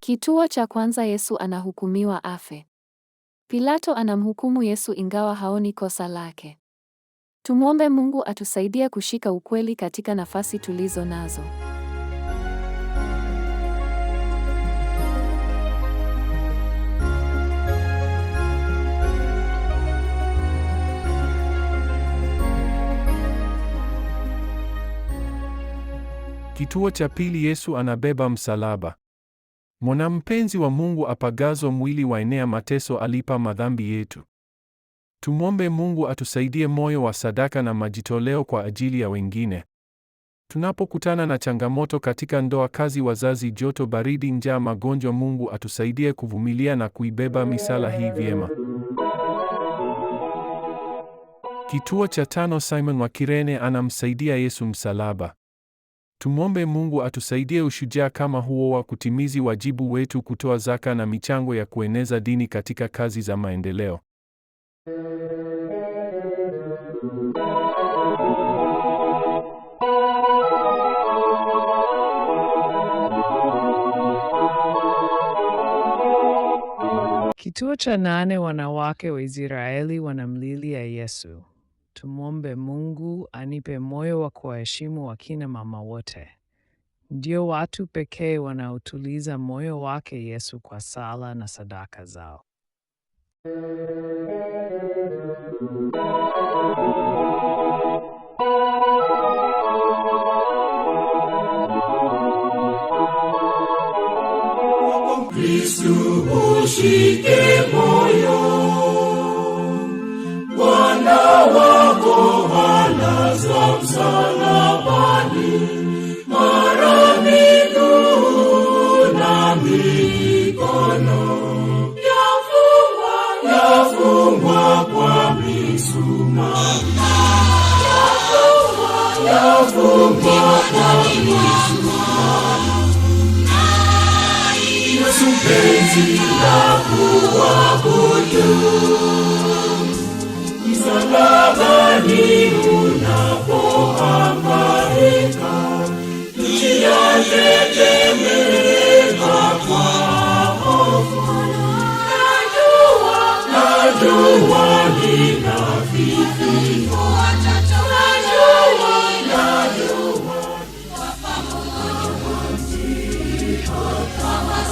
Kituo cha kwanza Yesu anahukumiwa afe. Pilato anamhukumu Yesu ingawa haoni kosa lake. Tumwombe Mungu atusaidie kushika ukweli katika nafasi tulizo nazo. Kituo cha pili Yesu anabeba msalaba. Mwanampenzi wa Mungu apagazo mwili waenea mateso alipa madhambi yetu. Tumwombe Mungu atusaidie moyo wa sadaka na majitoleo kwa ajili ya wengine. Tunapokutana na changamoto katika ndoa, kazi, wazazi, joto, baridi, njaa, magonjwa, Mungu atusaidie kuvumilia na kuibeba misala hii vyema. Kituo cha tano, Simon wa Kirene anamsaidia Yesu msalaba. Tumwombe Mungu atusaidie ushujaa kama huo wa kutimizi wajibu wetu kutoa zaka na michango ya kueneza dini katika kazi za maendeleo. Kituo cha nane wanawake wa Israeli wanamlilia Yesu. Tumwombe Mungu anipe moyo wa kuwaheshimu wakina mama wote. Ndio watu pekee wanaotuliza moyo wake Yesu kwa sala na sadaka zao. Kristu ushike mpenzi wako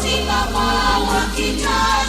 Simama wakija